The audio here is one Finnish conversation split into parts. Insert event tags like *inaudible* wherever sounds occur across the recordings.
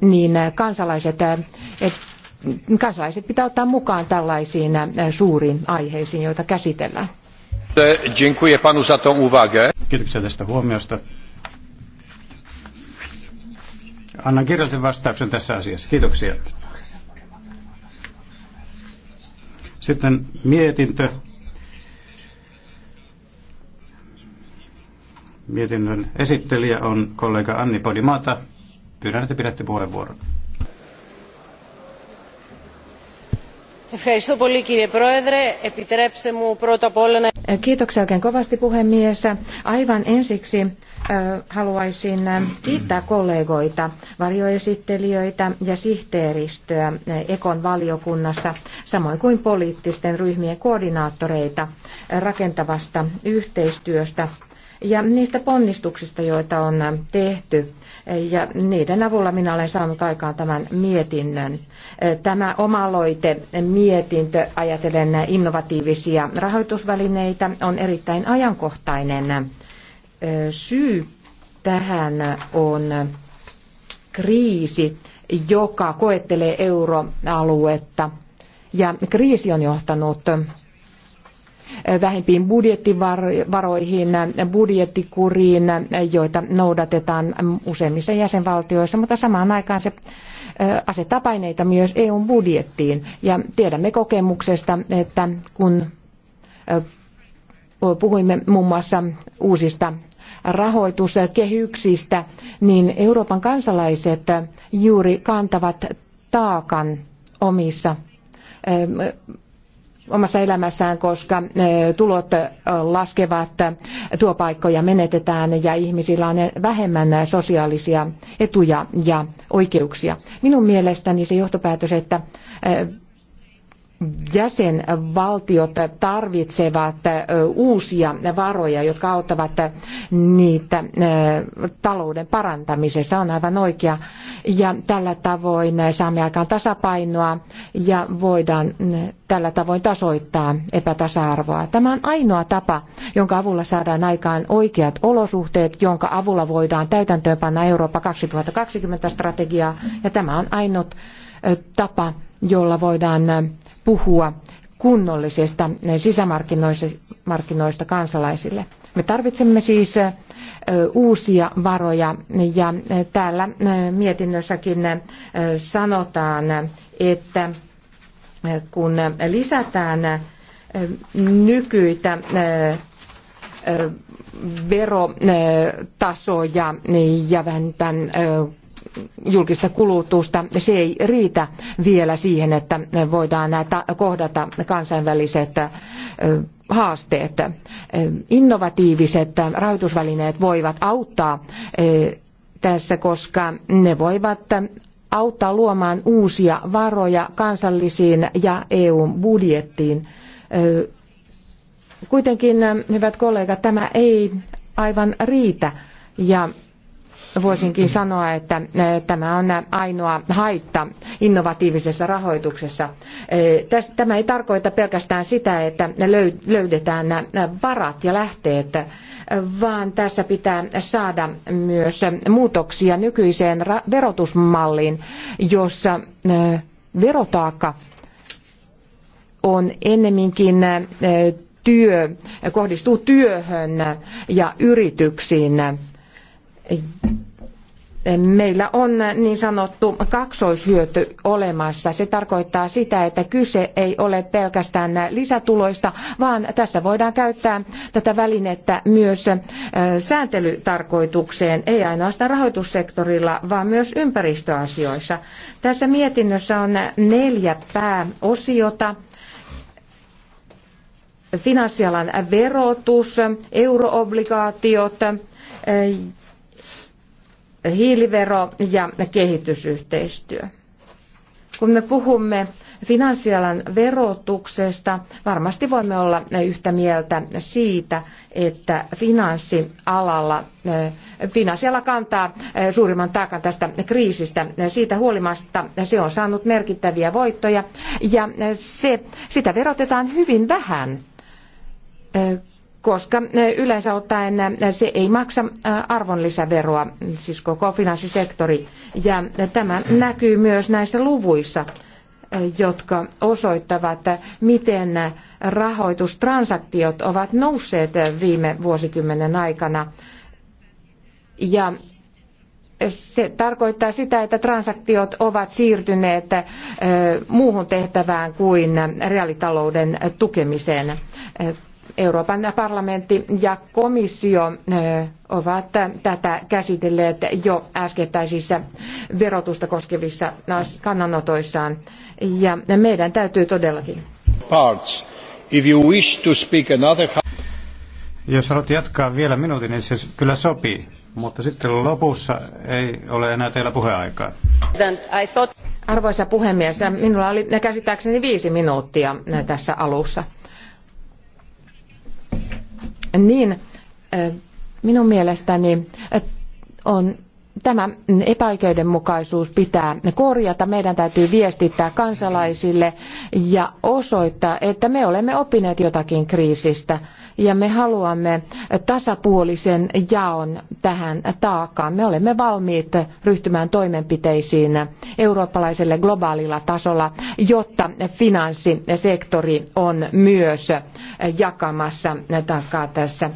niin äh, kansalaiset, äh, kansalaiset pitää ottaa mukaan tällaisiin äh, suuriin aiheisiin, joita käsitellään. Dziękuję panu za tą uwagę. Kiitoksia tästä huomiosta. Annan kirjallisen vastauksen tässä asiassa. Kiitoksia. Sitten mietintö. Mietinnön esittelijä on kollega Anni Podimata. Pyydän, että pidätte puheenvuoron. Kiitoksia oikein kovasti puhemies. Aivan ensiksi haluaisin kiittää kollegoita, varjoesittelijöitä ja sihteeristöä e, Ekon valiokunnassa, samoin kuin poliittisten ryhmien koordinaattoreita e, rakentavasta yhteistyöstä ja niistä ponnistuksista, joita on e, tehty ja niiden avulla minä olen saanut aikaan tämän mietinnön. Tämä omaloite mietintö ajatellen innovatiivisia rahoitusvälineitä on erittäin ajankohtainen. Syy tähän on kriisi, joka koettelee euroaluetta. Ja kriisi on johtanut Eh, vähempiin budjettivaroihin, budjettikuriin, eh, joita noudatetaan useimmissa jäsenvaltioissa, mutta samaan aikaan se eh, asettaa paineita myös EUn budjettiin. Ja tiedämme kokemuksesta, että kun puhuimme muun muassa uusista rahoituskehyksistä, niin Euroopan kansalaiset juuri kantavat taakan omissa omassa elämässään, koska eh, tulot eh, laskevat, eh, työpaikkoja menetetään ja ihmisillä on vähemmän sosiaalisia etuja ja oikeuksia. Minun mielestäni se johtopäätös, että jäsenvaltiot tarvitsevat uusia varoja, jotka auttavat niitä talouden parantamisessa. On aivan oikea. Ja tällä tavoin saamme aikaan tasapainoa ja voidaan tällä tavoin tasoittaa epätasa-arvoa. Tämä on ainoa tapa, jonka avulla saadaan aikaan oikeat olosuhteet, jonka avulla voidaan täytäntöönpanna Eurooppa 2020 strategiaa. Ja tämä on ainut tapa, jolla voidaan puhua kunnollisista sisämarkkinoista kansalaisille. Me tarvitsemme siis uusia varoja ja täällä mietinnössäkin sanotaan, että kun lisätään nykyitä verotasoja ja vähentään julkista kulutusta. Se ei riitä vielä siihen, että voidaan näitä kohdata kansainväliset haasteet. Innovatiiviset rahoitusvälineet voivat auttaa tässä, koska ne voivat auttaa luomaan uusia varoja kansallisiin ja eu budjettiin. Kuitenkin, hyvät kollegat, tämä ei aivan riitä ja voisinkin sanoa, että eh, tämä on ainoa haitta innovatiivisessa rahoituksessa. Eh, tämä ei tarkoita pelkästään sitä, että löydetään varat ja lähteet, vaan tässä pitää saada myös muutoksia nykyiseen verotusmalliin, jossa eh, verotaakka on ennemminkin työ, kohdistuu työhön ja yrityksiin meillä on niin sanottu kaksoishyöty olemassa. Se tarkoittaa sitä, että kyse ei ole pelkästään lisätuloista, vaan tässä voidaan käyttää tätä välinettä myös sääntelytarkoitukseen, ei ainoastaan rahoitussektorilla, vaan myös ympäristöasioissa. Tässä mietinnössä on neljä pääosiota finanssialan verotus, euroobligaatiot, hiilivero ja kehitysyhteistyö. Kun me puhumme finanssialan verotuksesta, varmasti voimme olla yhtä mieltä siitä, että finanssialalla, eh, finanssiala kantaa eh, suurimman taakan tästä kriisistä. Siitä huolimatta se on saanut merkittäviä voittoja ja se, sitä verotetaan hyvin vähän eh, koska eh, yleensä ottaen eh, se ei maksa eh, arvonlisäveroa, siis koko finanssisektori. Ja tämä näkyy myös näissä luvuissa, jotka osoittavat, miten rahoitustransaktiot ovat nousseet viime vuosikymmenen aikana. Ja se tarkoittaa sitä, että transaktiot ovat siirtyneet muuhun tehtävään kuin reaalitalouden tukemiseen. Euroopan parlamentti ja komissio eh, ovat tätä käsitelleet jo äskettäisissä verotusta koskevissa kannanotoissaan. Ja meidän täytyy todellakin. Parts. If you wish to speak another... Jos haluat jatkaa vielä minuutin, niin se kyllä sopii. Mutta sitten lopussa ei ole enää teillä puheaikaa. Arvoisa puhemies, minulla oli käsittääkseni viisi minuuttia tässä alussa niin minun mielestäni on tämä epäoikeudenmukaisuus pitää korjata. Meidän täytyy viestittää kansalaisille ja osoittaa, että me olemme oppineet jotakin kriisistä ja me haluamme tasapuolisen jaon tähän taakkaan. Me olemme valmiit ryhtymään toimenpiteisiin eurooppalaisella globaalilla tasolla, jotta finanssisektori on myös jakamassa taakkaa tässä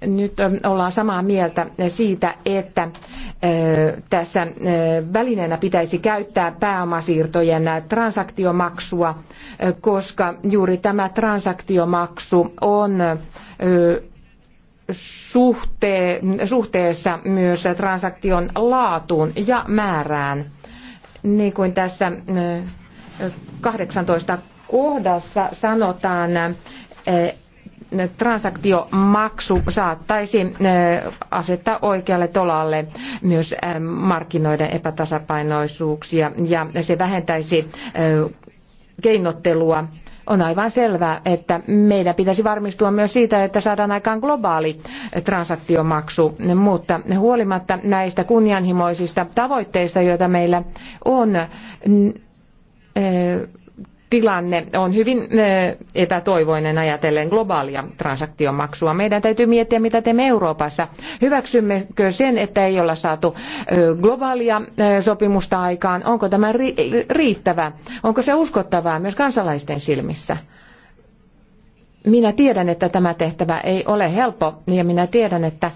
nyt ollaan samaa mieltä siitä, että tässä välineenä pitäisi käyttää pääomasiirtojen transaktiomaksua, koska juuri tämä transaktiomaksu on suhteessa myös transaktion laatuun ja määrään. Niin kuin tässä 18 kohdassa sanotaan, transaktiomaksu saattaisi eh, asettaa oikealle tolalle myös eh, markkinoiden epätasapainoisuuksia ja se vähentäisi eh, keinottelua on aivan selvää, että meidän pitäisi varmistua myös siitä, että saadaan aikaan globaali transaktiomaksu, mutta huolimatta näistä kunnianhimoisista tavoitteista, joita meillä on, tilanne on hyvin eh, epätoivoinen ajatellen globaalia transaktiomaksua. Meidän täytyy miettiä, mitä teemme Euroopassa. Hyväksymmekö sen, että ei olla saatu eh, globaalia eh, sopimusta aikaan? Onko tämä riittävä? Onko se uskottavaa myös kansalaisten silmissä? Minä tiedän, että tämä tehtävä ei ole helppo ja minä tiedän, että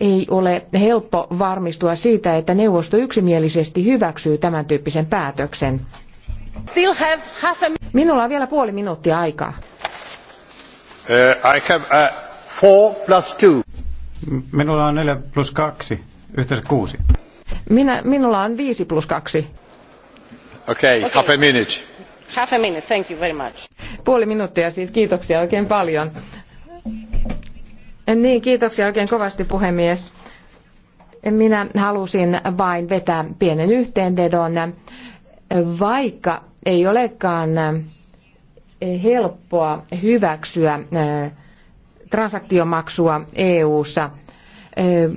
ei ole helppo varmistua siitä, että neuvosto yksimielisesti hyväksyy tämän tyyppisen päätöksen. Still have half a... Minulla on vielä puoli minuuttia aikaa. Uh, I have uh, four plus two. Minulla on neljä plus kaksi, yhteensä kuusi. Minä, minulla on viisi plus kaksi. Okei, okay, okay. half a minute. Half a minute, thank you very much. Puoli minuuttia siis, kiitoksia oikein paljon. Niin, kiitoksia oikein kovasti puhemies. Minä halusin vain vetää pienen yhteenvedon vaikka ei olekaan eh, helppoa hyväksyä eh, transaktiomaksua EU-ssa, eh,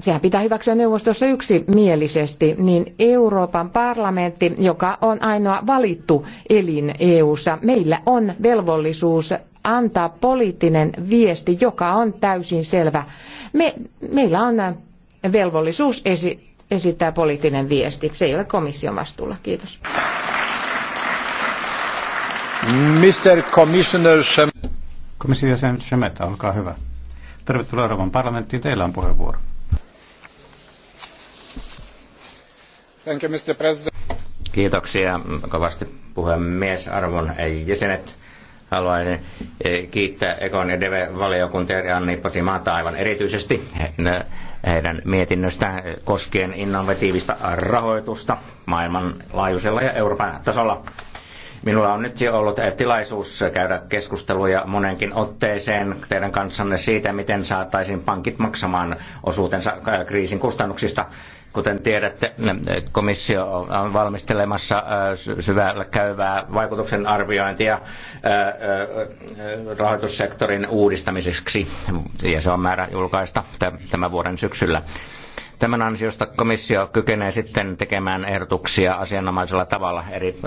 sehän pitää hyväksyä neuvostossa yksimielisesti, niin Euroopan parlamentti, joka on ainoa valittu elin EU-ssa, meillä on velvollisuus antaa poliittinen viesti, joka on täysin selvä. Me, meillä on velvollisuus esi- esittää poliittinen viesti. Se ei ole komission vastuulla. Kiitos. Mr. Commissioner Shem... Komission jäsen Shemeta, olkaa hyvä. Tervetuloa Euroopan parlamenttiin. Teillä on puheenvuoro. Thank you, Mr. President. Kiitoksia kovasti puhemies, arvon jäsenet haluaisin eh, kiittää Ekon ja Deve-valiokuntia ja Anni Potimaata aivan erityisesti heidän mietinnöstään koskien innovatiivista rahoitusta maailmanlaajuisella ja Euroopan tasolla. Minulla on nyt jo ollut eh, tilaisuus käydä keskusteluja monenkin otteeseen teidän kanssanne siitä, miten saataisiin pankit maksamaan osuutensa eh, kriisin kustannuksista. Kuten tiedätte, komissio on valmistelemassa äh, syvällä käyvää vaikutuksen arviointia äh, äh, rahoitussektorin uudistamiseksi, ja se on määrä julkaista tämän vuoden syksyllä. Tämän ansiosta komissio kykenee sitten tekemään ehdotuksia asianomaisella tavalla eri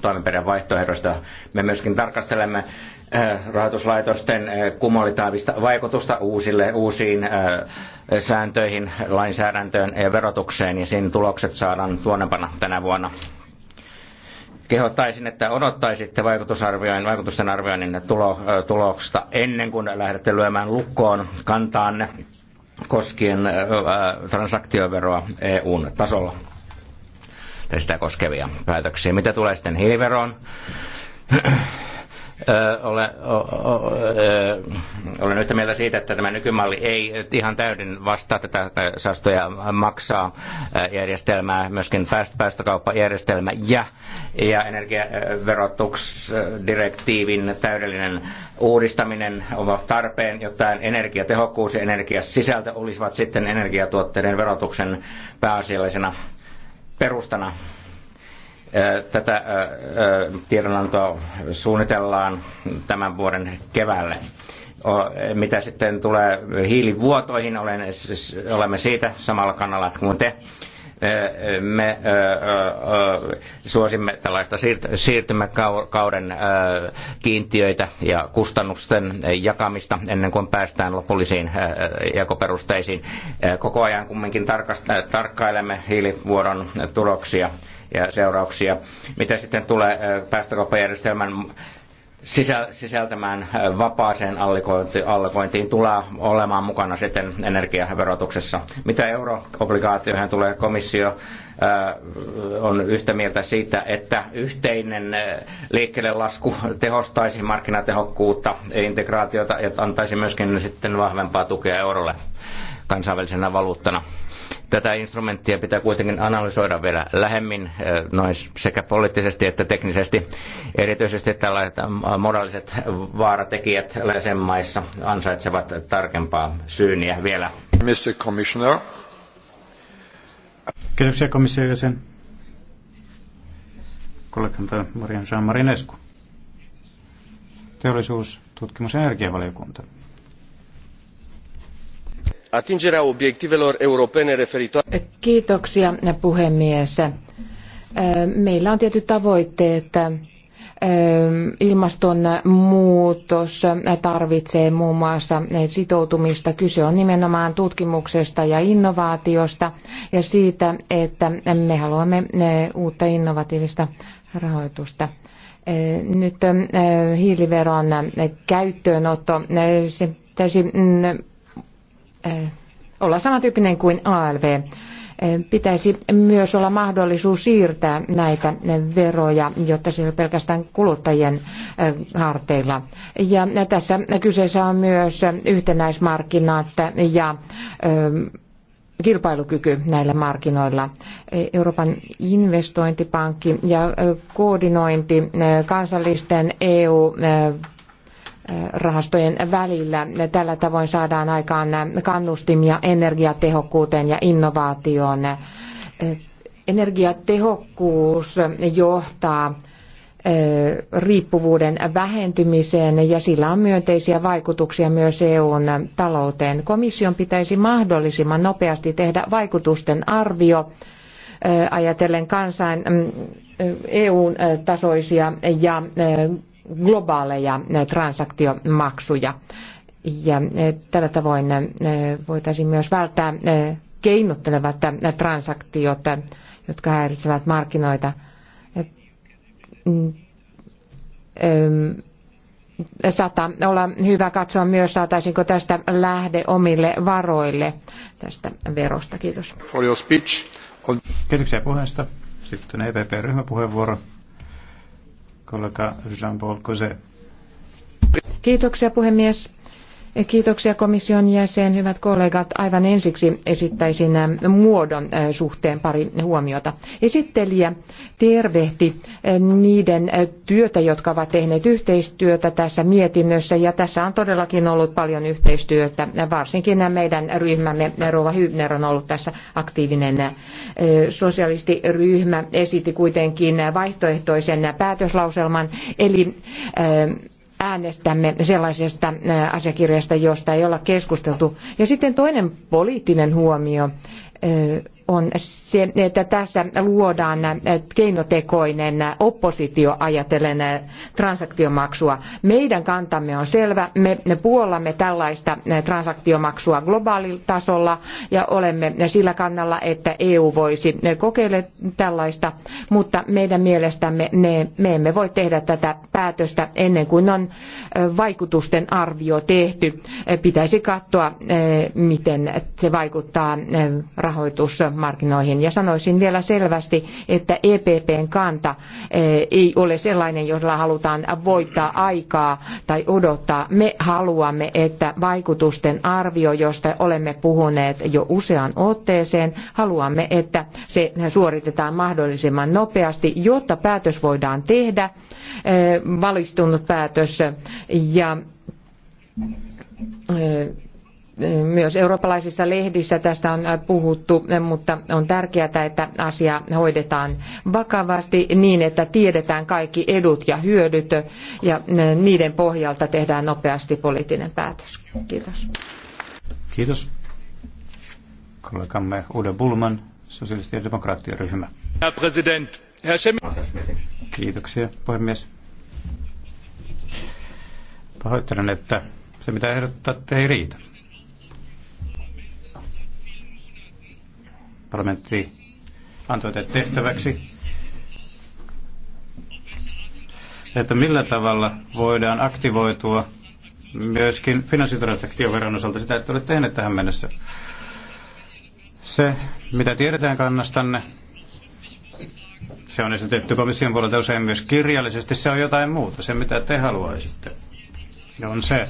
toimenpiden vaihtoehdoista. Me myöskin tarkastelemme rahoituslaitosten kumulitaavista vaikutusta uusille, uusiin sääntöihin, lainsäädäntöön ja verotukseen ja sen tulokset saadaan tuonnepana tänä vuonna. Kehottaisin, että odottaisitte vaikutusarvioin, vaikutusten arvioinnin tulo, tuloksta ennen kuin lähdette lyömään lukkoon kantaanne koskien ää, transaktioveroa EUn tasolla tai sitä koskevia päätöksiä. Mitä tulee sitten hiiliveroon? ole, olen yhtä mieltä siitä, että tämä nykymalli ei ihan täyden vastaa tätä saastoja maksaa järjestelmää, myöskin päästökauppajärjestelmä ja, ja energiaverotuksdirektiivin täydellinen uudistaminen ovat tarpeen, jotta energiatehokkuus ja energiasisältö olisivat sitten energiatuotteiden verotuksen pääasiallisena perustana Tätä tiedonantoa suunnitellaan tämän vuoden keväälle. Mitä sitten tulee hiilivuotoihin, olen, olemme siitä samalla kannalla kuin te me suosimme tällaista siirtymäkauden kiintiöitä ja kustannusten jakamista ennen kuin päästään lopullisiin jakoperusteisiin. Koko ajan kumminkin tarkkailemme hiilivuodon tuloksia ja seurauksia. Mitä sitten tulee päästökauppajärjestelmän sisältämään vapaaseen allokointiin tulee olemaan mukana sitten energiaverotuksessa. Mitä euroobligaatioihin tulee, komissio on yhtä mieltä siitä, että yhteinen liikkeelle lasku tehostaisi markkinatehokkuutta, integraatiota ja antaisi myöskin sitten vahvempaa tukea eurolle kansainvälisenä valuuttana. Tätä instrumenttia pitää kuitenkin analysoida vielä lähemmin eh, noin sekä poliittisesti että teknisesti. Erityisesti tällaiset eh, moraaliset vaaratekijät jäsenmaissa ansaitsevat tarkempaa syyniä vielä. Mr. Commissioner. Kiitoksia komission jäsen. Kollegantaja Marian Jean Marinescu. Teollisuus, tutkimus- ja energiavaliokunta atingerea obiectivelor europene referitoare... Kiitoksia puhemies. Meillä on tietyt tavoitteet. Ilmastonmuutos tarvitsee muun muassa sitoutumista. Kyse on nimenomaan tutkimuksesta ja innovaatiosta ja siitä, että me haluamme uutta innovatiivista rahoitusta. Nyt hiiliveron käyttöönotto, pitäisi mm, olla samantyyppinen kuin ALV. Pitäisi myös olla mahdollisuus siirtää näitä veroja, jotta se on pelkästään kuluttajien harteilla. Ja tässä kyseessä on myös yhtenäismarkkinat ja kilpailukyky näillä markkinoilla. Euroopan investointipankki ja koordinointi kansallisten EU rahastojen välillä. Tällä tavoin saadaan aikaan kannustimia energiatehokkuuteen ja innovaatioon. Energiatehokkuus johtaa riippuvuuden vähentymiseen ja sillä on myönteisiä vaikutuksia myös EUn talouteen. Komission pitäisi mahdollisimman nopeasti tehdä vaikutusten arvio ajatellen kansain EUn tasoisia ja globaaleja eh, transaktiomaksuja. Ja eh, tällä tavoin eh, voitaisiin myös välttää keinottelevat transaktiot, jotka häiritsevät markkinoita. Mm, Sata olla hyvä katsoa myös, saataisiinko tästä lähde omille varoille tästä verosta. Kiitos. For your speech. Kiitoksia puheesta. Sitten EPP-ryhmäpuheenvuoro kollega Jean-Paul Cosé. Kiitoksia puhemies. Kiitoksia komission jäsen, hyvät kollegat. Aivan ensiksi esittäisin äh, muodon äh, suhteen pari huomiota. Esittelijä tervehti äh, niiden työtä, jotka ovat tehneet yhteistyötä tässä mietinnössä ja tässä on todellakin ollut paljon yhteistyötä. Varsinkin meidän ryhmämme, Rova Hybner on ollut tässä aktiivinen sosialistiryhmä, esitti kuitenkin vaihtoehtoisen päätöslauselman, eli äänestämme sellaisesta asiakirjasta, josta ei olla keskusteltu. Ja sitten toinen poliittinen huomio on se, että tässä luodaan keinotekoinen oppositio ajatellen transaktiomaksua. Meidän kantamme on selvä. Me puollamme tällaista transaktiomaksua globaalilla tasolla ja olemme sillä kannalla, että EU voisi kokeilla tällaista, mutta meidän mielestämme ne, me emme voi tehdä tätä päätöstä ennen kuin on vaikutusten arvio tehty. Pitäisi katsoa, miten se vaikuttaa rahoitusmarkkinoihin. Ja sanoisin vielä selvästi, että EPPn kanta eh, ei ole sellainen, jolla halutaan voittaa aikaa tai odottaa. Me haluamme, että vaikutusten arvio, josta olemme puhuneet jo useaan otteeseen, haluamme, että se suoritetaan mahdollisimman nopeasti, jotta päätös voidaan tehdä, eh, valistunut päätös ja eh, myös eurooppalaisissa lehdissä tästä on puhuttu, mutta on tärkeää, että asia hoidetaan vakavasti niin, että tiedetään kaikki edut ja hyödyt ja niiden pohjalta tehdään nopeasti poliittinen päätös. Kiitos. Kiitos. Kollegamme Ude Bulman, sosialisti- ja demokraattien ryhmä. Herr Präsident, Herr Kiitoksia, puhemies. Pahoittelen, että se mitä ehdottatte ei riitä. Parlamentti antoi teille tehtäväksi, että millä tavalla voidaan aktivoitua myöskin finanssitransaktioveron osalta sitä, että olette tehneet tähän mennessä. Se, mitä tiedetään kannastanne, se on esitetty komission puolelta usein myös kirjallisesti, se on jotain muuta, se mitä te haluaisitte. On se,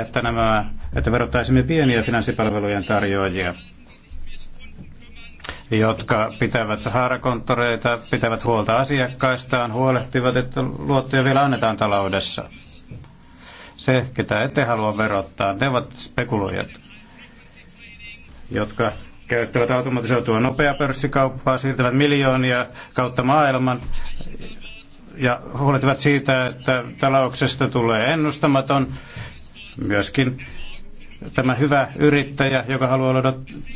että, nämä, että verottaisimme pieniä finanssipalvelujen tarjoajia jotka pitävät haarakonttoreita, pitävät huolta asiakkaistaan, huolehtivat, että luottoja vielä annetaan taloudessa. Se, ketä ette halua verottaa, ne ovat spekuloijat, jotka käyttävät automatisoitua nopeaa pörssikauppaa, siirtävät miljoonia kautta maailman ja huolehtivat siitä, että talouksesta tulee ennustamaton myöskin tämä hyvä yrittäjä, joka haluaa luoda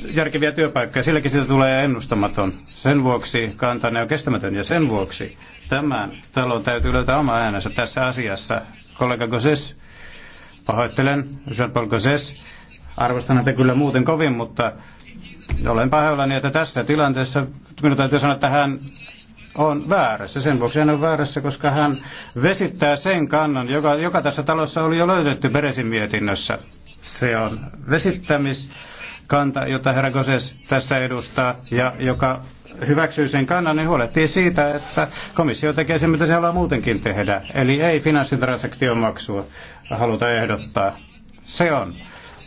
järkeviä työpaikkoja, silläkin siitä tulee ennustamaton. Sen vuoksi kantane on kestämätön ja sen vuoksi tämän talon täytyy löytää oma äänensä tässä asiassa. Kollega Gosses, pahoittelen, Jean-Paul Gosses, arvostan häntä kyllä muuten kovin, mutta olen pahoillani, että tässä tilanteessa minun täytyy sanoa, että hän on väärässä. Sen vuoksi hän on väärässä, koska hän vesittää sen kannan, joka, joka tässä talossa oli jo löydetty Beresin mietinnössä. Se on vesittämiskanta, jota herra Goses tässä edustaa ja joka hyväksyy sen kannan, niin huolehtii siitä, että komissio tekee sen, mitä se haluaa muutenkin tehdä. Eli ei finanssitransaktiomaksua haluta ehdottaa. Se on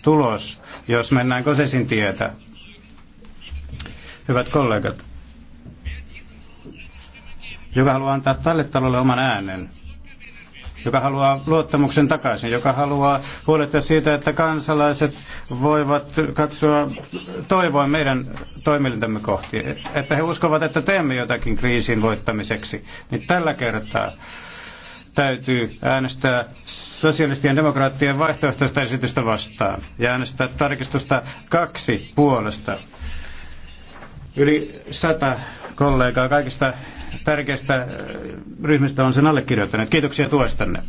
tulos, jos mennään Kosesin tietä. Hyvät kollegat, joka haluaa antaa tälle talolle oman äänen, joka haluaa luottamuksen takaisin, joka haluaa huolehtia siitä, että kansalaiset voivat katsoa toivoa meidän toimintamme kohti, että he uskovat, että teemme jotakin kriisin voittamiseksi. Niin tällä kertaa täytyy äänestää sosialistien demokraattien vaihtoehtoista esitystä vastaan ja äänestää tarkistusta kaksi puolesta. Yli sata kollegaa kaikista tärkeistä äh, ryhmistä on sen allekirjoittanut. Kiitoksia tuestanne.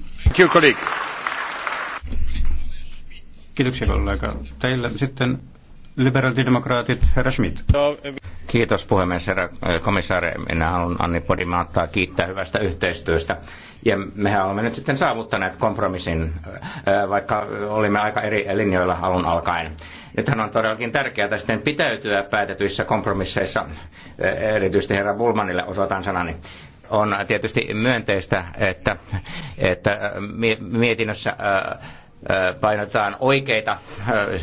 Kiitoksia kollega. Teille sitten liberaalidemokraatit, herra Schmidt. Kiitos puhemies, herra eh, komissaari. Minä haluan Anni Podimaattaa kiittää hyvästä yhteistyöstä. Ja mehän olemme nyt sitten saavuttaneet kompromissin, eh, eh, vaikka olimme aika eri linjoilla alun alkaen. Nythän on todellakin tärkeää sitten pitäytyä päätetyissä kompromisseissa, erityisesti herra Bulmanille osoitan sanani on tietysti myönteistä, että, että mietinnössä painotetaan oikeita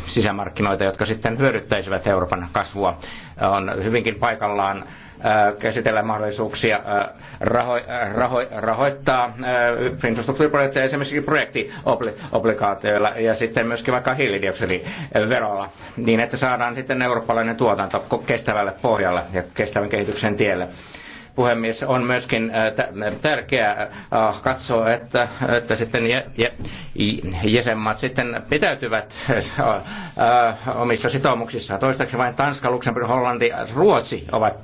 sisämarkkinoita, jotka sitten hyödyttäisivät Euroopan kasvua. On hyvinkin paikallaan käsitellä mahdollisuuksia raho, raho, rahoittaa infrastruktuuriprojekteja esimerkiksi projektiobligaatioilla ja sitten myöskin vaikka hiilidioksidiverolla, niin että saadaan sitten eurooppalainen tuotanto kestävälle pohjalle ja kestävän kehityksen tielle puhemies, on myöskin äh, tärkeää äh, katsoa, että, että sitten jäsenmaat sitten pitäytyvät äh, omissa sitoumuksissaan. Toistaiseksi vain Tanska, Luxemburg, Hollanti, Ruotsi ovat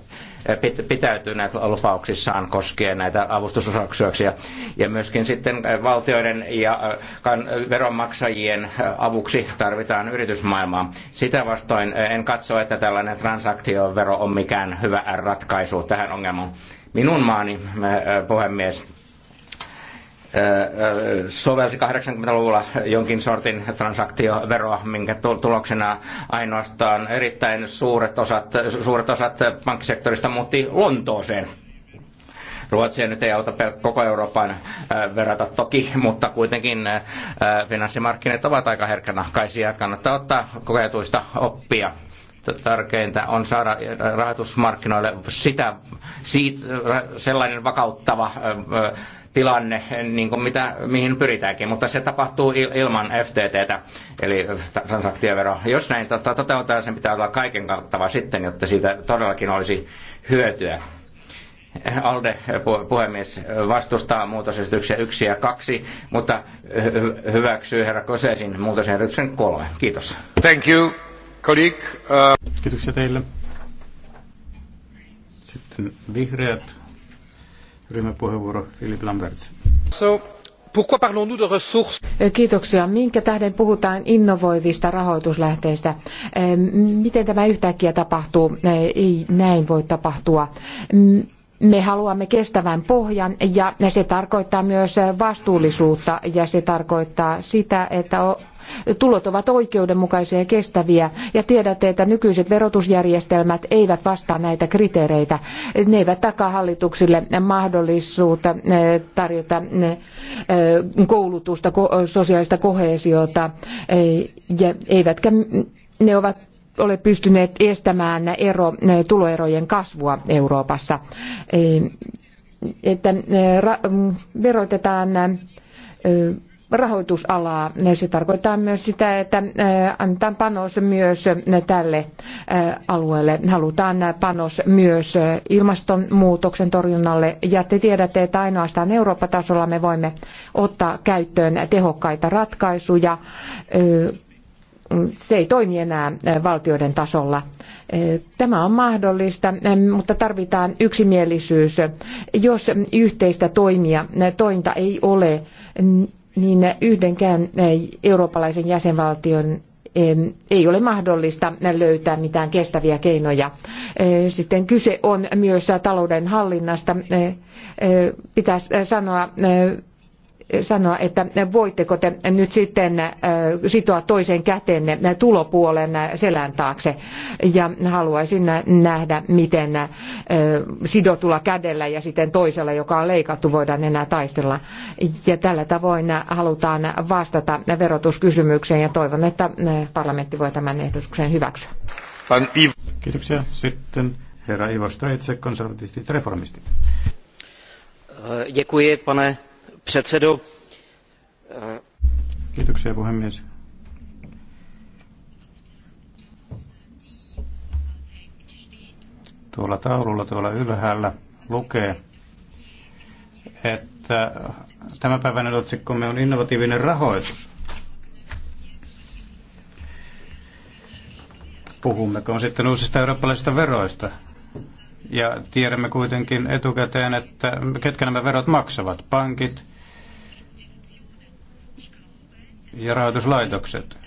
Eh, pitäytyneet lupauksissaan koskien näitä avustusosauksia. Ja myöskin sitten eh, valtioiden ja eh, veronmaksajien avuksi tarvitaan yritysmaailmaa. Sitä vastoin en katso, että tällainen transaktiovero on mikään hyvä ratkaisu tähän ongelmaan. Minun maani, puhemies, sovelsi 80-luvulla jonkin sortin transaktioveroa, minkä tuloksena ainoastaan erittäin suuret osat, suuret osat pankkisektorista muutti Lontooseen. Ruotsia nyt ei auta koko Euroopan verrata toki, mutta kuitenkin finanssimarkkinat ovat aika herkkänahkaisia. Kannattaa ottaa koketuista oppia tärkeintä on saada rahoitusmarkkinoille sitä, siitä, sellainen vakauttava tilanne, niin kuin mitä, mihin pyritäänkin, mutta se tapahtuu ilman FTTtä, eli transaktiovero. Jos näin tota, toteutetaan, sen pitää olla kaiken kattava sitten, jotta siitä todellakin olisi hyötyä. Alde puhemies vastustaa muutosesityksiä yksi ja kaksi, mutta hyväksyy herra Kosesin muutosesityksen kolme. Kiitos. Thank you. Kolik, uh... Kiitoksia teille. Sitten vihreät. Ryhmäpuheenvuoro Philip Lambert. So, pourquoi parlons-nous de ressources? Kiitoksia. Minkä tähden puhutaan innovoivista rahoituslähteistä? Miten tämä yhtäkkiä tapahtuu? Ei näin voi tapahtua me haluamme kestävän pohjan ja se tarkoittaa myös vastuullisuutta ja se tarkoittaa sitä, että tulot ovat oikeudenmukaisia ja kestäviä. Ja tiedätte, että nykyiset verotusjärjestelmät eivät vastaa näitä kriteereitä. Ne eivät takaa hallituksille mahdollisuutta eh, tarjota eh, koulutusta, sosiaalista koheesiota, eh, eivätkä ne ovat ole pystyneet estämään ero, tuloerojen kasvua Euroopassa. E, että e, verotetaan e, rahoitusalaa. Se tarkoittaa myös sitä, että annetaan panos myös tälle alueelle. Halutaan panos myös ilmastonmuutoksen torjunnalle. Ja te tiedätte, että ainoastaan eurooppa tasolla me voimme ottaa käyttöön tehokkaita ratkaisuja se ei toimi enää valtioiden tasolla. Tämä on mahdollista, mutta tarvitaan yksimielisyys. Jos yhteistä toimia, tointa ei ole, niin yhdenkään eurooppalaisen jäsenvaltion ei ole mahdollista löytää mitään kestäviä keinoja. Sitten kyse on myös talouden hallinnasta. Pitäisi sanoa sanoa, että voitteko te nyt sitten äh, sitoa toisen kätenne tulopuolen selän taakse. Ja haluaisin nähdä, miten äh, sidotulla kädellä ja sitten toisella, joka on leikattu, voidaan enää taistella. Ja tällä tavoin halutaan vastata verotuskysymykseen ja toivon, että äh, parlamentti voi tämän ehdotuksen hyväksyä. Kiitoksia. Sitten herra Ivo Streitse, konservatistit reformistit. Děkuji, pane Kiitoksia puhemies. Tuolla taululla tuolla ylhäällä lukee, että tämän päivän otsikkomme on innovatiivinen rahoitus. Puhummeko on sitten uusista eurooppalaisista veroista? Ja tiedämme kuitenkin etukäteen, että ketkä nämä verot maksavat. Pankit, ja rahoituslaitokset.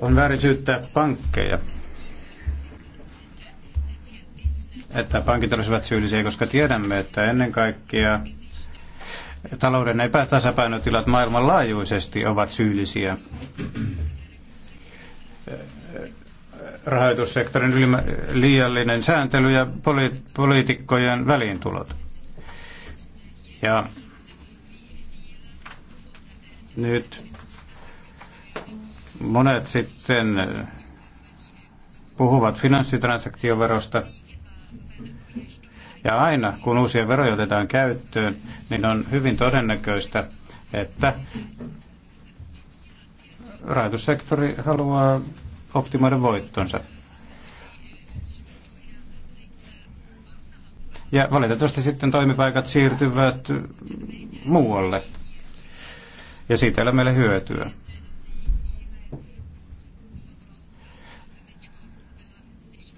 On väärin syyttää pankkeja, että pankit olisivat syyllisiä, koska tiedämme, että ennen kaikkea talouden epätasapainotilat maailmanlaajuisesti ovat syyllisiä rahoitussektorin liiallinen sääntely ja poli- poliitikkojen väliintulot. Ja nyt monet sitten puhuvat finanssitransaktioverosta. Ja aina kun uusia veroja otetaan käyttöön, niin on hyvin todennäköistä, että rahoitussektori haluaa optimoida voittonsa. Ja valitettavasti sitten toimipaikat siirtyvät muualle. Ja siitä ei ole meille hyötyä.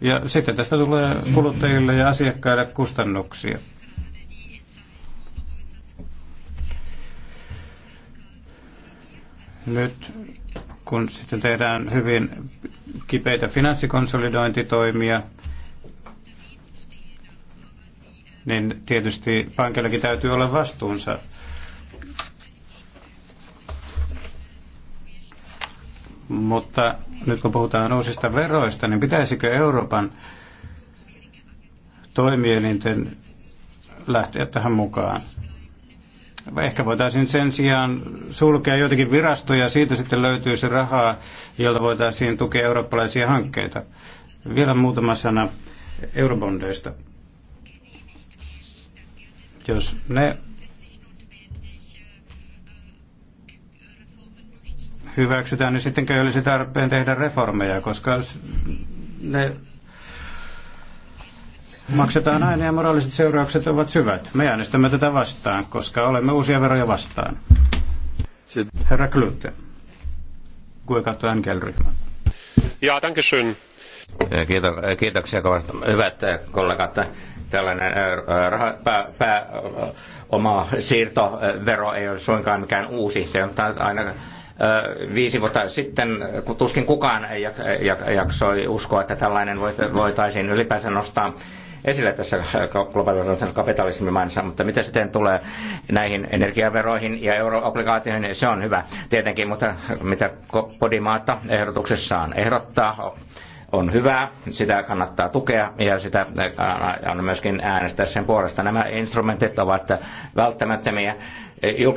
Ja sitten tästä tulee kuluttajille ja asiakkaille kustannuksia. Nyt kun sitten tehdään hyvin kipeitä finanssikonsolidointitoimia, niin tietysti pankillakin täytyy olla vastuunsa. Mutta nyt kun puhutaan uusista veroista, niin pitäisikö Euroopan toimielinten lähteä tähän mukaan? Ehkä voitaisiin sen sijaan sulkea jotakin virastoja ja siitä sitten löytyy se rahaa, jolla voitaisiin tukea eurooppalaisia hankkeita. Vielä muutama sana eurobondeista. Jos ne hyväksytään, niin sittenkö olisi tarpeen tehdä reformeja, koska ne maksetaan aina ja moraaliset seuraukset ovat syvät. Me äänestämme tätä vastaan, koska olemme uusia veroja vastaan. Herra Klute, kuinka ngl ryhmä Ja, danke schön. Kiitoksia kovasti. Hyvät kollegat, tällainen raha, pää, pää, oma siirtovero ei ole suinkaan mikään uusi. Se on aina viisi vuotta sitten, kun tuskin kukaan jaksoi uskoa, että tällainen voitaisiin ylipäänsä nostaa esille tässä kapitalismin kapitalismimainissa, mutta mitä sitten tulee näihin energiaveroihin ja euroobligaatioihin, niin se on hyvä tietenkin, mutta mitä Podimaatta ehdotuksessaan ehdottaa, on hyvää, sitä kannattaa tukea ja sitä äh, on myöskin äänestää sen puolesta. Nämä instrumentit ovat välttämättömiä.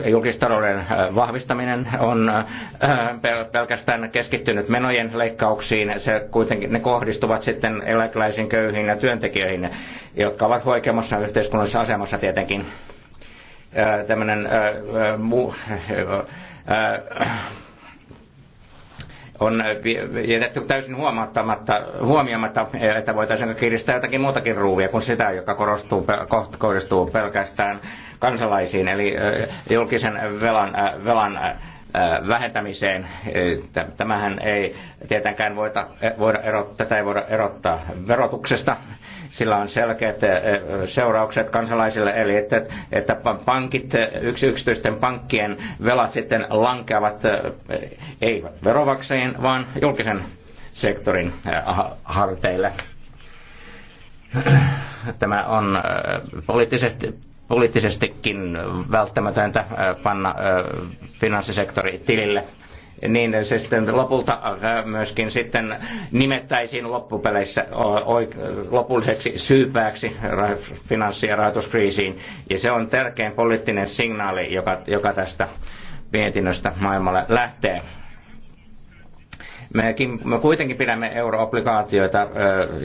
Julkistalouden äh, vahvistaminen on äh, pelkästään keskittynyt menojen leikkauksiin. Se kuitenkin, ne kohdistuvat sitten eläkeläisiin köyhiin ja työntekijöihin, jotka ovat huikeammassa yhteiskunnallisessa asemassa tietenkin. Tämmöinen muu, on äh, jätetty täysin huomaamatta, huomioimatta, äh, että voitaisiin kiristää jotakin muutakin ruuvia kuin sitä, joka korostuu, kohdistuu pelkästään kansalaisiin, eli äh, julkisen velan, velan vähentämiseen. Tämähän ei tietenkään voida, voida erottaa, tätä ei voida erottaa verotuksesta. Sillä on selkeät seuraukset kansalaisille, eli että, että pankit, yksi yksityisten pankkien velat sitten lankeavat eivät verovakseen, vaan julkisen sektorin harteille. Tämä on poliittisesti poliittisestikin välttämätöntä äh, panna äh, finanssisektori tilille niin se sitten lopulta äh, myöskin sitten nimettäisiin loppupeleissä lopulliseksi syypääksi finanssi- ja rahoituskriisiin. Ja se on tärkein poliittinen signaali, joka, joka tästä mietinnöstä maailmalle lähtee. Mekin, me kuitenkin pidämme euroobligaatioita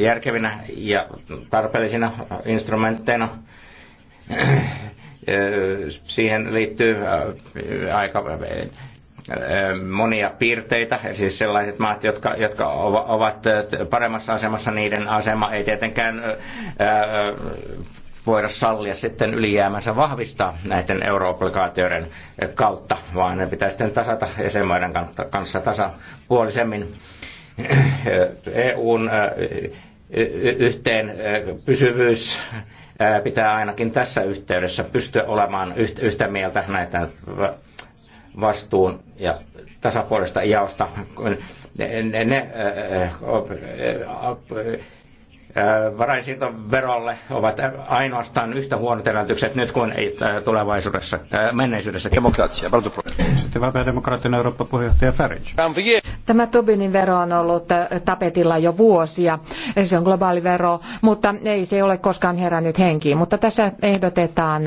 järkevinä ja tarpeellisina instrumentteina – siihen liittyy äh, aika äh, monia piirteitä, siis sellaiset maat, jotka, jotka ovat äh, paremmassa asemassa, niiden asema ei tietenkään voida sallia sitten ylijäämänsä vahvistaa näiden euroobligaatioiden kautta, vaan ne pitää sitten tasata jäsenmaiden kanssa tasapuolisemmin. EUn yhteen pysyvyys pitää ainakin tässä yhteydessä pystyä olemaan yhtä mieltä näitä vastuun ja tasapuolista jaosta. Ne varainsiirtoverolle ovat ainoastaan yhtä huonot edellytykset nyt kuin ei tulevaisuudessa, menneisyydessä. Demokratia. Sitten vapaa-demokraattinen Eurooppa-puheenjohtaja Farage. Tämä Tobinin vero on ollut tapetilla jo vuosia. Se on globaali vero, mutta ei se ole koskaan herännyt henkiin. Mutta tässä ehdotetaan,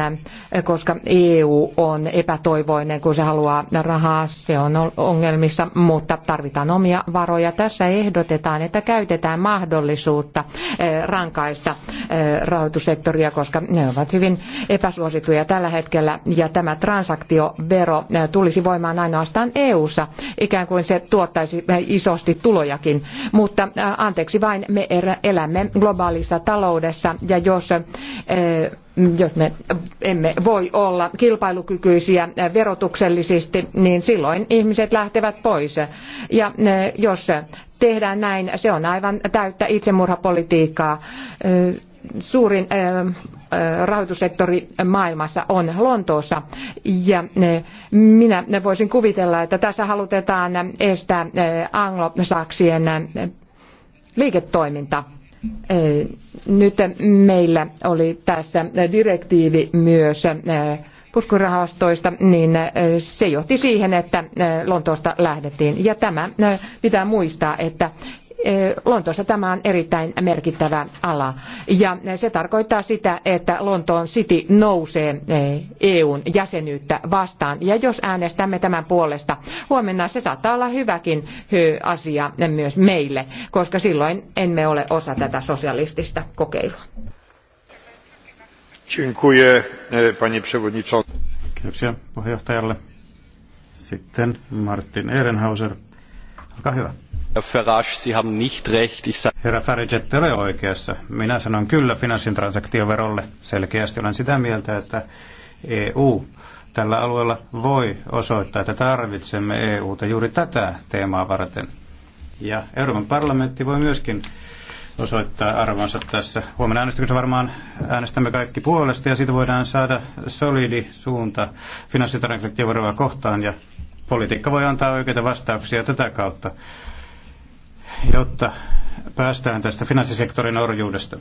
koska EU on epätoivoinen, kun se haluaa rahaa, se on ongelmissa, mutta tarvitaan omia varoja. Tässä ehdotetaan, että käytetään mahdollisuutta Eh, rankaista eh, rahoitussektoria, koska ne ovat hyvin epäsuosittuja tällä hetkellä. Ja tämä transaktiovero eh, tulisi voimaan ainoastaan EU-ssa, ikään kuin se tuottaisi isosti tulojakin. Mutta anteeksi vain, me elämme globaalissa taloudessa ja jos jos me emme voi olla kilpailukykyisiä verotuksellisesti, niin silloin ihmiset lähtevät pois. Ja jos tehdään näin, se on aivan täyttä itsemurhapolitiikkaa. Suurin rahoitussektori maailmassa on Lontoossa ja minä voisin kuvitella, että tässä halutetaan estää anglosaksien liiketoiminta. Nyt meillä oli tässä direktiivi myös puskurahastoista, niin äh, se johti siihen, että äh, Lontoosta lähdettiin. Ja tämä äh, pitää muistaa, että Lontoossa tämä on erittäin merkittävä ala. Ja se tarkoittaa sitä, että Lontoon City nousee EUn jäsenyyttä vastaan. Ja jos äänestämme tämän puolesta huomenna, se saattaa olla hyväkin asia myös meille, koska silloin emme ole osa tätä sosialistista kokeilua. Dziękuję, e, panie przewodniczący. Kiitoksia puheenjohtajalle. Sitten Martin Ehrenhauser. Olkaa hyvä. Farage, Sie haben nicht recht. Ich sag... Herra Farage, ette ole oikeassa. Minä sanon kyllä finanssitransaktioverolle. Selkeästi olen sitä mieltä, että EU tällä alueella voi osoittaa, että tarvitsemme EUta juuri tätä teemaa varten. Ja Euroopan parlamentti voi myöskin osoittaa arvonsa tässä. Huomenna äänestyksessä varmaan äänestämme kaikki puolesta ja siitä voidaan saada solidi suunta finanssitransaktiovoroa kohtaan ja politiikka voi antaa oikeita vastauksia tätä kautta, jotta päästään tästä finanssisektorin orjuudesta.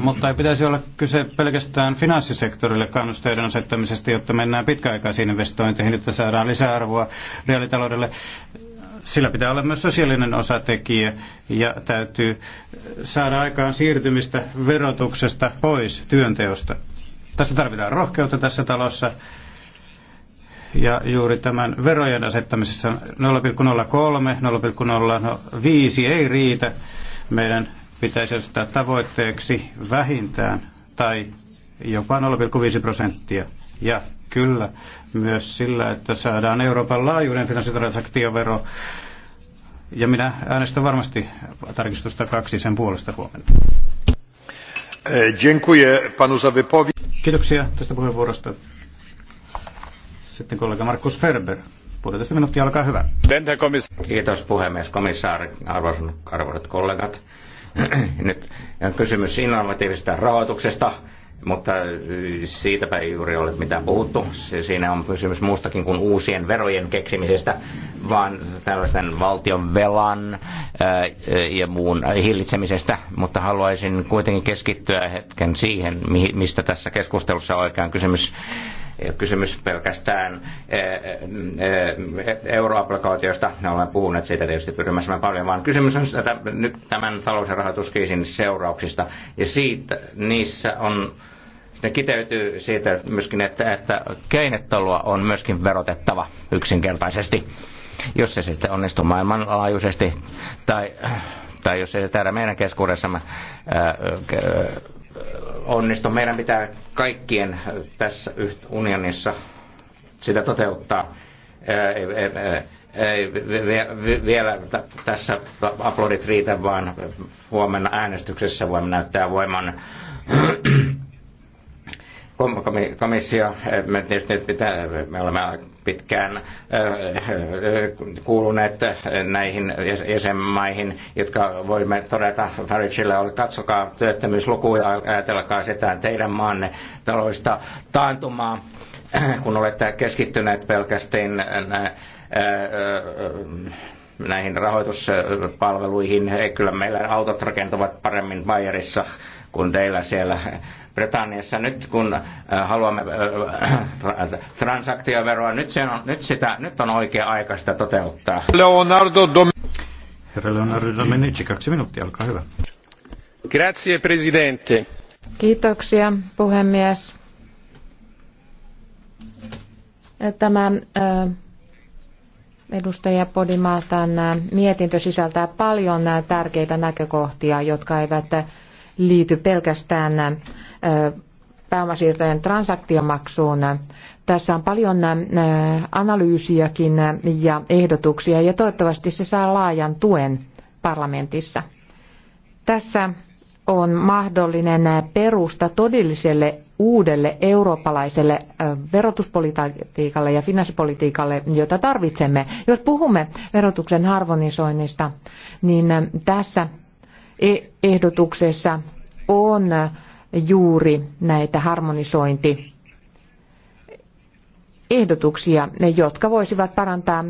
Mutta ei pitäisi olla kyse pelkästään finanssisektorille kannusteiden asettamisesta, jotta mennään pitkäaikaisiin investointeihin, jotta saadaan lisäarvoa reaalitaloudelle sillä pitää olla myös sosiaalinen osatekijä ja täytyy saada aikaan siirtymistä verotuksesta pois työnteosta. Tässä tarvitaan rohkeutta tässä talossa ja juuri tämän verojen asettamisessa 0,03, 0,05 ei riitä. Meidän pitäisi asettaa tavoitteeksi vähintään tai jopa 0,5 prosenttia. Ja kyllä myös sillä, että saadaan Euroopan laajuinen finanssitransaktiovero. Ja minä äänestän varmasti tarkistusta kaksi sen puolesta huomenna. E, dziękuję panu za wypowiedź. Kiitoksia tästä puheenvuorosta. Sitten kollega Markus Ferber. Puolitoista minuuttia, alkaa hyvä. Kiitos puhemies, komissaari, arvoisat kollegat. *clears throat* Nyt on kysymys innovatiivisesta rahoituksesta mutta äh, siitäpä ei juuri ole mitään puhuttu. Siinä on kysymys muustakin kuin uusien verojen keksimisestä, vaan tällaisten valtion velan äh, ja muun hillitsemisestä. Mutta haluaisin kuitenkin keskittyä hetken siihen, mistä tässä keskustelussa on oikein kysymys ei ole kysymys pelkästään äh, euroapplikaatioista, me olemme puhuneet siitä tietysti pyrimässä paljon, vaan kysymys on nyt tämän talous- ja rahoituskriisin seurauksista, ja siitä niissä on ne kiteytyy siitä myöskin, että, että keinettelua on myöskin verotettava yksinkertaisesti, jos se sitten onnistuu maailmanlaajuisesti tai, tai jos se täällä meidän keskuudessamme onnistu. Meidän pitää kaikkien tässä unionissa sitä toteuttaa. ää, ää, ei vielä tässä aplodit riitä, vaan huomenna äänestyksessä voimme näyttää voiman komissio, me tietysti pitää, me olemme pitkään äh, äh, kuuluneet näihin jäsenmaihin, jotka voimme todeta Farageille, katsokaa työttömyyslukuja, ajatelkaa sitä teidän maanne taloista taantumaa, kun olette keskittyneet pelkästään äh, näihin rahoituspalveluihin. Kyllä meillä autot rakentuvat paremmin Bayerissa kuin teillä siellä Britanniassa nyt, kun äh, haluamme äh, transaktioveroa, nyt, sen on, nyt, sitä, nyt on oikea aika sitä toteuttaa. Leonardo Dom- Herra Leonardo Domenici, kaksi minuuttia, olkaa hyvä. Grazie, presidente. Kiitoksia, puhemies. Tämä äh, edustaja Podimaaltaan mietintö sisältää paljon tärkeitä näkökohtia, jotka eivät liity pelkästään pääomasiirtojen transaktiomaksuun. Tässä on paljon analyysiäkin ja ehdotuksia ja toivottavasti se saa laajan tuen parlamentissa. Tässä on mahdollinen perusta todelliselle uudelle eurooppalaiselle verotuspolitiikalle ja finanssipolitiikalle, jota tarvitsemme. Jos puhumme verotuksen harmonisoinnista, niin tässä ehdotuksessa on juuri näitä harmonisointi ehdotuksia, jotka voisivat parantaa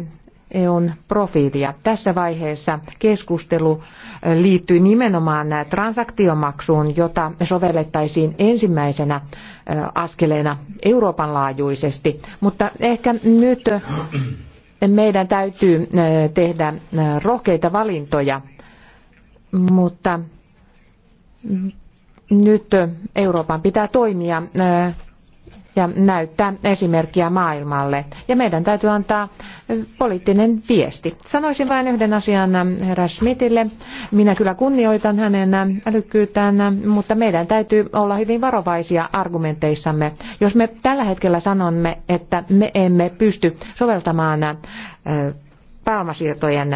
EUn profiilia. Tässä vaiheessa keskustelu liittyy nimenomaan transaktiomaksuun, jota sovellettaisiin ensimmäisenä askeleena Euroopan laajuisesti. Mutta ehkä nyt meidän täytyy tehdä rohkeita valintoja mutta nyt Euroopan pitää toimia ja näyttää esimerkkiä maailmalle. Ja meidän täytyy antaa poliittinen viesti. Sanoisin vain yhden asian herra Schmidtille. Minä kyllä kunnioitan hänen älykkyyttään, mutta meidän täytyy olla hyvin varovaisia argumenteissamme. Jos me tällä hetkellä sanomme, että me emme pysty soveltamaan pääomasiirtojen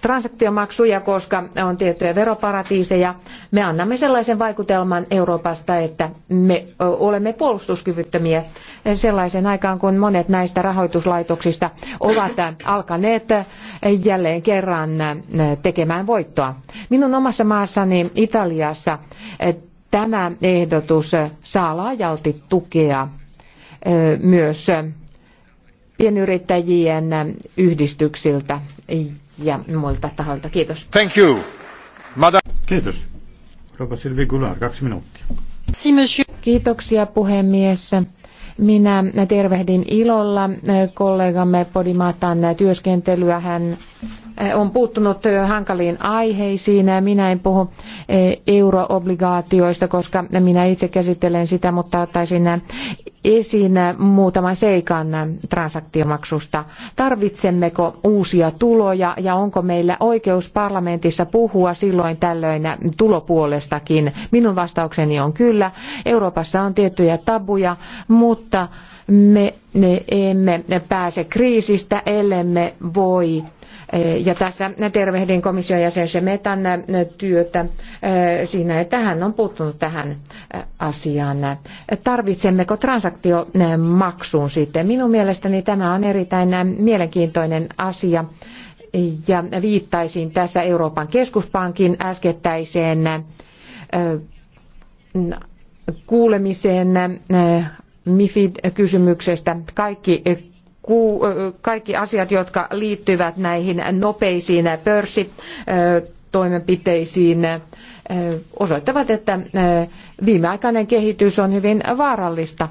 transaktiomaksuja, koska on tiettyjä veroparatiiseja. Me annamme sellaisen vaikutelman Euroopasta, että me olemme puolustuskyvyttömiä sellaisen aikaan, kun monet näistä rahoituslaitoksista ovat alkaneet jälleen kerran tekemään voittoa. Minun omassa maassani Italiassa tämä ehdotus saa laajalti tukea myös pienyrittäjien yhdistyksiltä ja muilta tahoilta. Kiitos. Thank you. Madam. Kiitos. Rouva Silvi Goulart, kaksi minuuttia. Kiitoksia puhemies. Minä tervehdin ilolla kollegamme Podimatan työskentelyä. Hän Eh, on puuttunut eh, hankaliin aiheisiin. Minä en puhu eh, euroobligaatioista, koska minä itse käsittelen sitä, mutta ottaisin esiin muutaman seikan transaktiomaksusta. Tarvitsemmeko uusia tuloja ja onko meillä oikeus parlamentissa puhua silloin tällöin tulopuolestakin? Minun vastaukseni on kyllä. Euroopassa on tiettyjä tabuja, mutta me emme pääse kriisistä, ellemme voi ja tässä tervehdin komission jäsen Semetan työtä eh, siinä, että hän on puuttunut tähän eh, asiaan. Tarvitsemmeko transaktiomaksuun sitten? Minun mielestäni tämä on erittäin eh, mielenkiintoinen asia ja viittaisin tässä Euroopan keskuspankin äskettäiseen kuulemiseen MIFID-kysymyksestä. Kaikki kaikki asiat, jotka liittyvät näihin nopeisiin pörssitoimenpiteisiin, osoittavat, että viimeaikainen kehitys on hyvin vaarallista.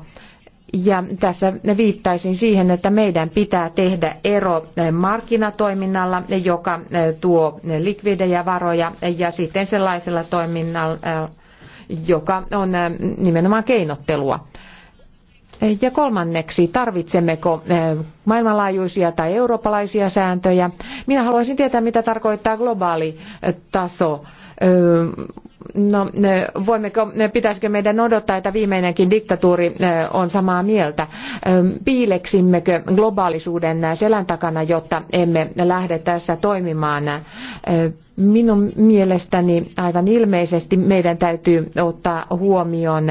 Ja tässä viittaisin siihen, että meidän pitää tehdä ero markkinatoiminnalla, joka tuo likvidejä varoja, ja sitten sellaisella toiminnalla, joka on nimenomaan keinottelua. Ja kolmanneksi, tarvitsemmeko eh, maailmanlaajuisia tai eurooppalaisia sääntöjä? Minä haluaisin tietää, mitä tarkoittaa globaali eh, taso. Eh, No, eh, voimmeko, eh, pitäisikö meidän odottaa, että viimeinenkin diktatuuri eh, on samaa mieltä? Piileksimmekö globaalisuuden selän takana, jotta emme lähde tässä toimimaan? Minun mielestäni aivan ilmeisesti meidän täytyy ottaa huomioon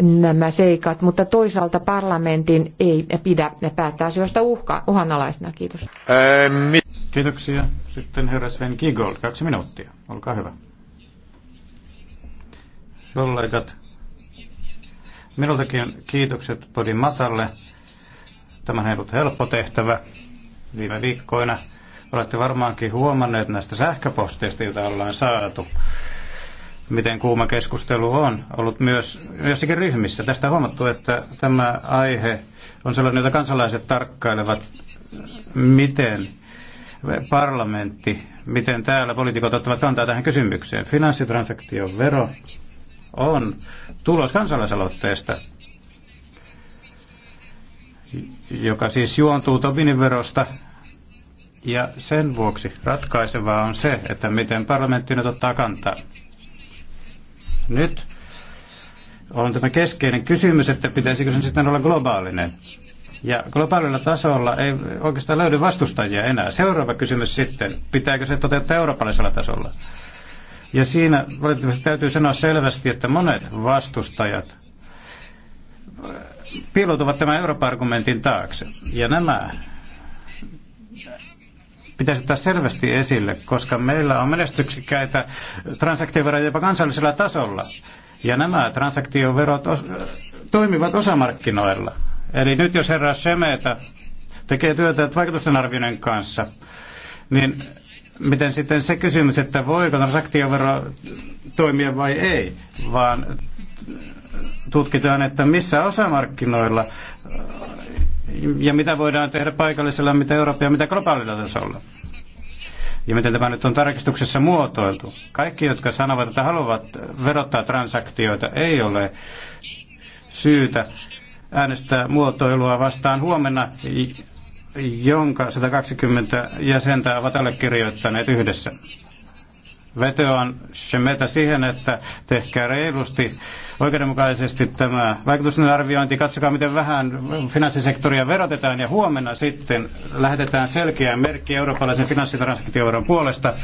nämä seikat, mutta toisaalta parlamentin ei pidä päättää asioista uhka, uhanalaisena. Kiitos. Kiitoksia. Sitten herra Sven kaksi minuuttia. Olkaa hyvä kollegat. Minultakin kiitokset Podin Matalle. Tämä on ollut helppo tehtävä viime viikkoina. Olette varmaankin huomanneet näistä sähköposteista, joita ollaan saatu, miten kuuma keskustelu on ollut myös jossakin ryhmissä. Tästä on huomattu, että tämä aihe on sellainen, jota kansalaiset tarkkailevat, miten parlamentti, miten täällä poliitikot ottavat kantaa tähän kysymykseen. Finanssitransaktion vero on tulos kansalaisaloitteesta, joka siis juontuu Tobinin verosta. Ja sen vuoksi ratkaisevaa on se, että miten parlamentti nyt ottaa kantaa. Nyt on tämä keskeinen kysymys, että pitäisikö sen sitten olla globaalinen. Ja globaalilla tasolla ei oikeastaan löydy vastustajia enää. Seuraava kysymys sitten, pitääkö se toteuttaa eurooppalaisella tasolla? Ja siinä valitettavasti täytyy sanoa selvästi, että monet vastustajat piiloutuvat tämän Eurooppa-argumentin taakse. Ja nämä pitäisi ottaa selvästi esille, koska meillä on menestyksikäitä transaktioveroja jopa kansallisella tasolla. Ja nämä transaktioverot os- toimivat osamarkkinoilla. Eli nyt jos herra Semeta tekee työtä vaikutusten arvioinnin kanssa, niin miten sitten se kysymys, että voiko transaktiovero toimia vai ei, vaan tutkitaan, että missä osamarkkinoilla ja mitä voidaan tehdä paikallisella, mitä Euroopan ja mitä globaalilla tasolla. Ja miten tämä nyt on tarkistuksessa muotoiltu. Kaikki, jotka sanovat, että haluavat verottaa transaktioita, ei ole syytä äänestää muotoilua vastaan huomenna jonka 120 jäsentä ovat allekirjoittaneet yhdessä. Vetoan meitä siihen, että tehkää reilusti, oikeudenmukaisesti tämä vaikutusten arviointi. Katsokaa, miten vähän finanssisektoria verotetaan ja huomenna sitten lähetetään selkeä merkki eurooppalaisen finanssitransaktioveron puolesta.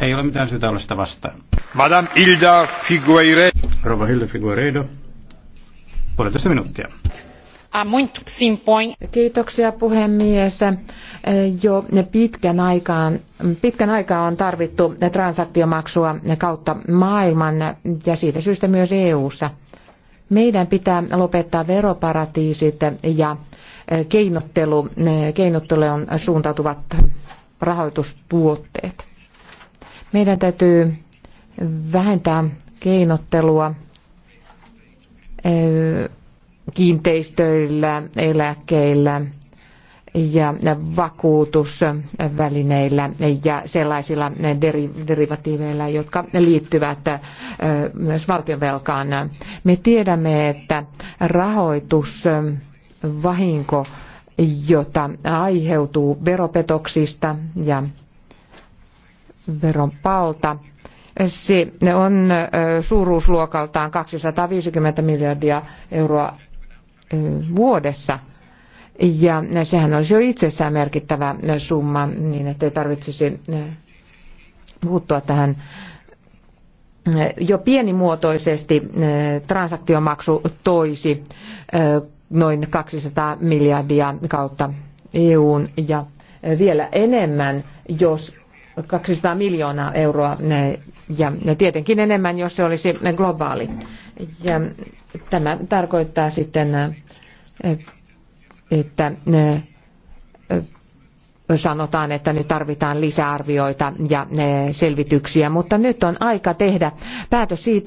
Ei ole mitään syytä olla sitä vastaan. Madame Hilda Figueiredo. Rova Hilda Figueiredo. Puolitoista minuuttia. Kiitoksia puhemies. Jo pitkän, aikaan, pitkän aikaa on tarvittu transaktiomaksua kautta maailman ja siitä syystä myös EU-ssa. Meidän pitää lopettaa veroparatiisit ja keinottelu, keinotteluun suuntautuvat rahoitustuotteet. Meidän täytyy vähentää keinottelua kiinteistöillä, eläkkeillä ja vakuutusvälineillä ja sellaisilla derivatiiveilla, jotka liittyvät myös valtionvelkaan. Me tiedämme, että rahoitusvahinko, jota aiheutuu veropetoksista ja veronpaolta, se on suuruusluokaltaan 250 miljardia euroa vuodessa. Ja sehän olisi jo itsessään merkittävä summa, niin ettei tarvitsisi puuttua tähän jo pienimuotoisesti transaktiomaksu toisi noin 200 miljardia kautta EUn ja vielä enemmän, jos 200 miljoonaa euroa ja tietenkin enemmän, jos se olisi globaali. Ja Tämä tarkoittaa sitten, äh, että äh, sanotaan, että nyt tarvitaan lisäarvioita ja äh, selvityksiä, mutta nyt on aika tehdä päätös siitä,